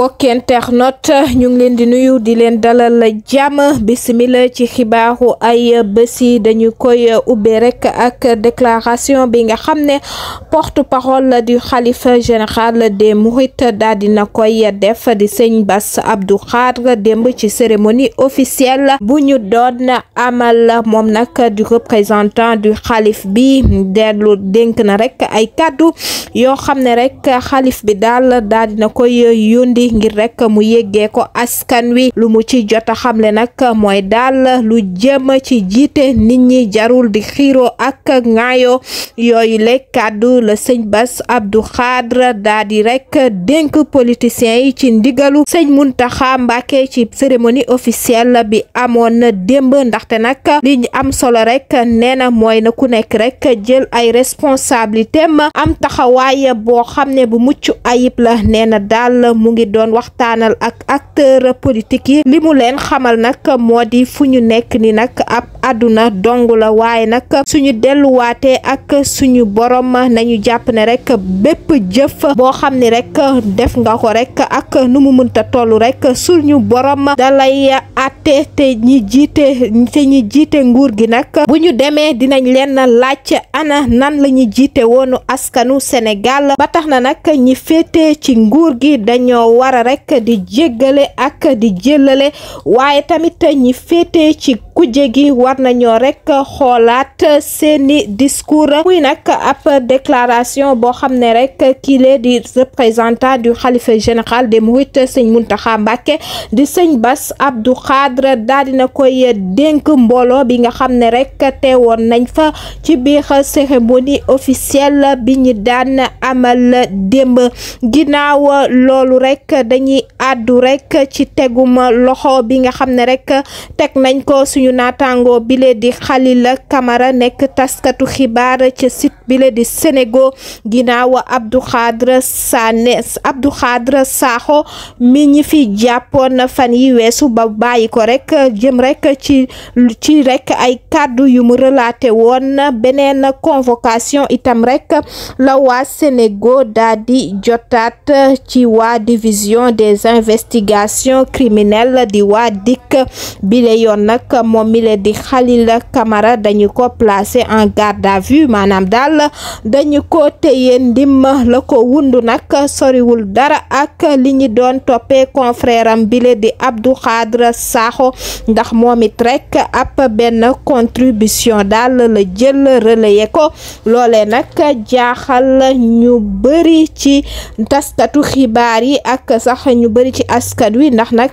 mbokki internet ñu leen di nuyu di leen dalal jàmm bisimila ci xibaaru ay bési dañu koy ubbee rek ak déclaration bi nga xam ne porte parole du xalifa général des mourides daal dina koy def di sëñ Bass Abdou Khadre démb ci cérémonie officielle bu ñu doon amal moom nag du représentant du xalif bi dellu dénk na rek ay kàddu yoo xam ne rek xalif bi daal daal koy yónni gi ngir rekk mu yéggee ko askan wi lu mu ci jot a xamle nag mooy daal lu jëm ci jiite nit ñi jarul di xiiroo ak ŋaayoo yooyu le kàddu la sëñ Bass Abdou Khadre daa rekk rek dénk politiciens yi ci ndigalu sëñ Mountakha Mbacké ci cérémonie officielle bi amoon na démb ndaxte nag li am solo rek nee na mooy na ku nekk rek jël ay responsabilité am taxawaay boo xam ne bu mucc ayib la nee na mu ngi doon waxtaanal ak acteur politique yi li mu leen xamal nag moo di fu ñu nekk nii nag ab àdduna dong la waaye nag suñu delluwaatee ak suñu borom nañu jàpp ne rek bépp jëf boo xam ni rek def nga ko rek ak nu mu mënta toll rek suñu borom da lay àtte te ñi jiite te ñi jiite nguur gi nag bu ñu demee dinañ leen laaj ana nan la ñu jiite woonu askanu Sénégal ba tax na nag ñi féete ci nguur gi dañoo war a rek di jéggale ak di jëlale waaye tamit ñi féete ci kuje gi war nañoo rek xoolaat seeni discours muy nag ab déclaration boo xam ne rek kile di représentant du xalifa général des mourides sëñ Muntaxa Mbàkke di sëñ Bass Abdou Khadre daal dina koy dénk mbooloo bi nga xam ne rek teewoon nañ fa ci biir cérémonie officielle bi ñu daan amal démb ginnaaw loolu rekk dañuy àddu rekk ci teguma loxo bi nga xam ne rek teg nañ ko suñu suñu naataangoo bile di Khalil Camara nekk taskatu xibaar ca sit bile di Sénégo ginnaaw Abdou Khadre Sané mi ñi fi jàppoon fan yi weesu ba bàyyi ko rek jëm rekk ci ci rek ay kàddu yu mu relaté woon beneen convocation itam rekk la waa Sénégo daal jotaat ci waa division des investigations criminelles di waa dikk bile yoon nag moom mi leen di xalila Camara dañu ko placé en garde à vue maanaam dal dañu ko téye ndim la ko wund nag soriwul dara ak li ñu doon toppee confrère am bi leen di Abdou Khadre Sakho ndax moom it rek ab benn contribution daal la jël relayer ko loole nag jaaxal ñu bëri ci taskatu xibaar yi ak sax ñu bëri ci askan wi ndax nag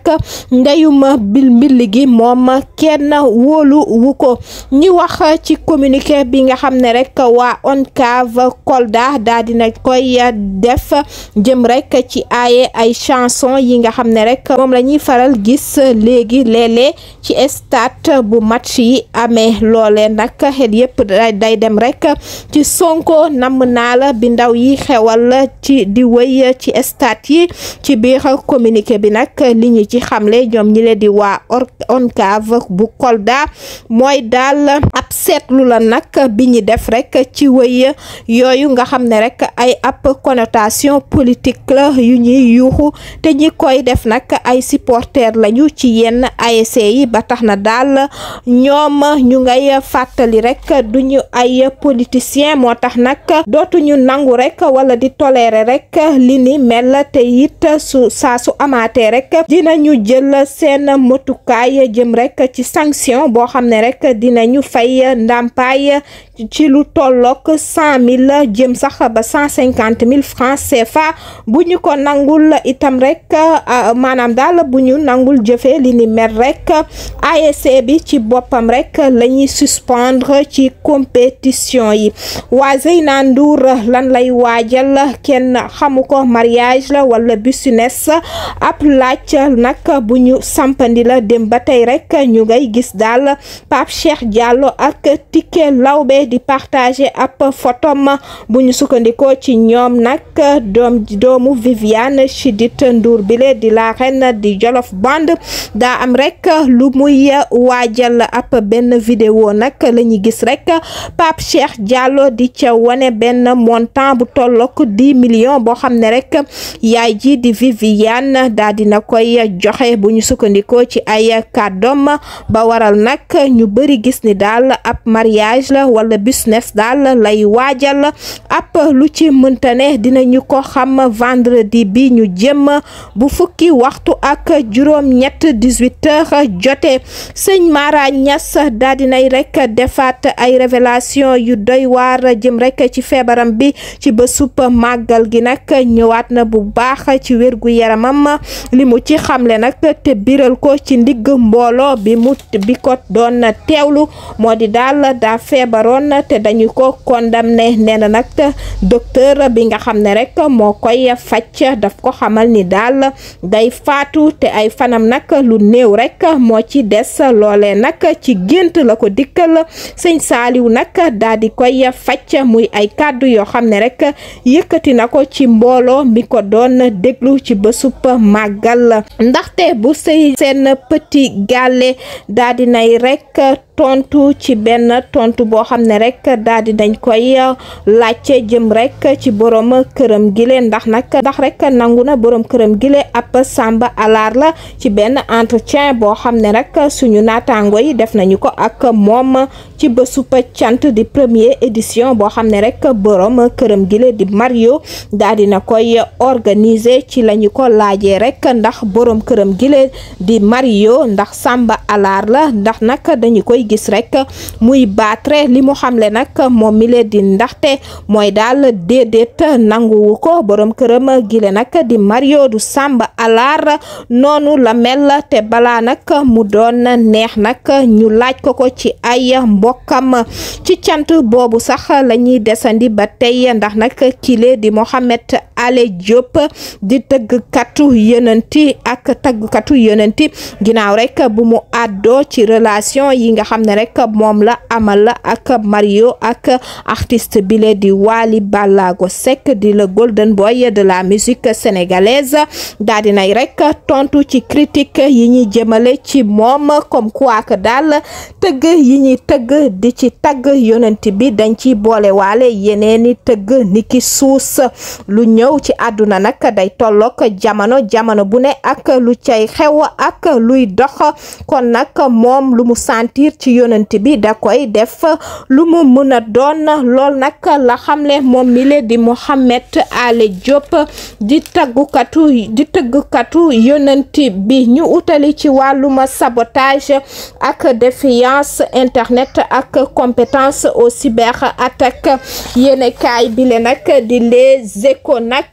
ndeyuma bil mbil gi moom kenn kenn wóolu wu ko ñi wax ci communiqué bi nga xam ne rek waa ONCAV Kolda daa dina koy def jëm rek ci aaye ay chanson yi nga xam ne rek moom la ñuy faral gis léegi léeg ci stade bu match yi amee loole nag xel yëpp day dem rek ci Sonko namm naa la bi ndaw yi xewal ci di wëy ci stade yi ci biir communiqué bi nag li ñu ci xamle ñoom ñi leen di waa ONCAV bu Kolda mooy daal seetlu la nag bi ñi def rek ci wëy yooyu nga xam ne rek ay ab connotation politique la yu ñuy yuuxu te ñi koy def nag ay supporter lañu ci yenn ASC yi ba tax na daal ñoom ñu ngay fàttali rek ñu ay politicien moo tax nag dootuñu nangu rek wala di tolérer rek li ni mel te it su saa su amaatee rek dinañu jël seen motukaay jëm rek ci sanction boo xam ne rek dinañu fay ay ndàmpaay ci lu tollook cent mille jëm sax ba cent cinquante mille francs CFA bu ñu ko nangul itam rek ah, maanaam daal bu ñu nangul jëfee li ni mer rek ci boppam rek la ñuy suspendre ci competition yi waa na Ndour lan lay waajal kenn xamu ko mariage la wala business ab laaj nag bu ñu sampandi la dem ba tey ñu ngay gis daal Pape Cheikh Diallo ak Tické Lawbe di partager ab photom bu ñu sukkandikoo ci ñoom nag doom doomu Viviane Chidid Ndour bile di la reine di Jolof Band daa am rek lu muy waajal ab benn vidéo nag la ñuy gis rek Pape Cheikh Diallo di ca wane benn montant bu tollook dix million boo xam ne rek yaay ji di Viviane daa dina koy joxe bu ñu sukkandikoo ci ay kàddoom ba waral nag ñu bëri gis ni daal ab mariage la wala business daal lay waajal ab lu ci mënta ne ñu ko xam vendredi bi ñu jëm bu fukki waxtu ak juróom-ñett 18 heures jotee sëñ Mara Niass daa rekk rek defaat ay révélation yu doy waar jëm rekk ci feebaram bi ci bésub màggal gi nag ñëwaat na bu baax ci wérgu yaramam limu ci xamle nag te biral ko ci ndigg mbooloo bi bi ko doon teewlu moo di ni daal daa feebaroon te dañu ko condamné nee na nag docteur bi nga xam ne rek moo koy faj daf ko xamal ni daal day faatu te ay fanam nag lu néew rekk moo ci des loolee nag ci gént la ko dikkal sëñ Saaliw nag daal di koy faj muy ay kàddu yoo xam ne rek yëkkati na ko ci mbooloo mi ko doon déglu ci bésub màggal ndaxte bu sëy seen petit gàlle daa di nay rek tontu ci benn tontu boo xam ne rek daal di dañ koy euh, laajte jëm rek ci borom këram gile ndax nag ndax rek nangu na borom këram gile ab sàmba Alaar la ci benn entretien boo xam ne rek suñu naataango yi def nañu ko ak moom. ci bésu cant di premier édition boo xam ne rek borom këram gile di Mario daal dina koy organiser ci la ñu ko laajee rek ndax borom këram gile di Mario ndax Samba Alaar la ndax nag dañu koy gis rek muy baatre li mu xamle nag moom mi lee di ndaxte mooy daal déedéet nanguwu ko borom këram gile nag di Mario du sàmba Alaar noonu la mel te balaa nag mu doon neex nag ñu laaj ko ko ci ay bokkam ci cant boobu sax la ñuy desandi ba tey ndax nag kile di Mohamed Ale Diop di tëgg tëggkatu yonenti ak tëggkatu yonenti ginnaaw rek bu mu àddoo ci relation yi nga xam ne rek moom la amal ak Mario ak artiste bile di wali Ballago sek di la golden boy de la musique sénégalaise daal di nay tontu ci critique yi ñuy jëmale ci moom comme quoi que daal tëgg yi ñuy tëgg di ci tagg yonent bi dañ ciy boole waale yeneeni tëgg niki suus lu ñëw ci àdduna nag day tollook jamono jamono bu ne ak lu cay xew ak luy dox kon nag moom lu mu sentir ci yonent bi da koy def lu mu mën a doon lool nag la xamle moom mile di Mouhamed Ale Diop di taggukatu tëggkatu yonent bi ñu utali ci wàlluma sabotage ak défiance internet ak compétence au cyberattaque yéenekaay bi le nag di Les Échos nag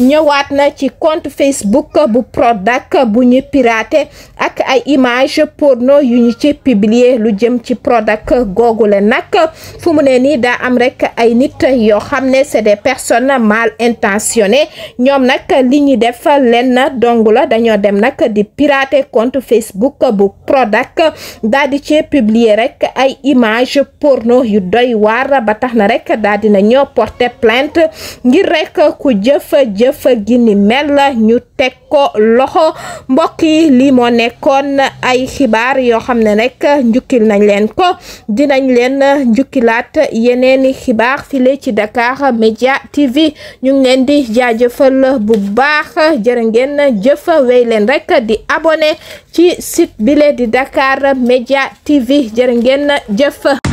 ñëwaat na ci compte Facebook bu Prodac bu ñu piraté ak ay image porno yu ñu ci publier lu jëm ci Prodac googu le nag fu mu ne nii daa am rek ay nit yoo xam ne c'est des personnes mal intentionnées ñoom nag li ñu def lenn dong la dañoo dem nag di pirater compte Facebook bu Prodac daal di ci publier rek ay image porno yu doy waar ba tax na rek daal dina ñoo porter plainte ngir rek ku jëf jëf gi ni teg ko loxo mbokk yi lii moo nekkoon ay xibaar yoo xam ne rek njukkil nañ leen ko dinañ leen njukkilaat yeneeni xibaar file ci Dakar Media TV ñu ngi leen di jaajëfal bu baax jërë ngeen jëf wéy leen rek di abone ci sit bile di Dakar Media TV jërë ngeen jëf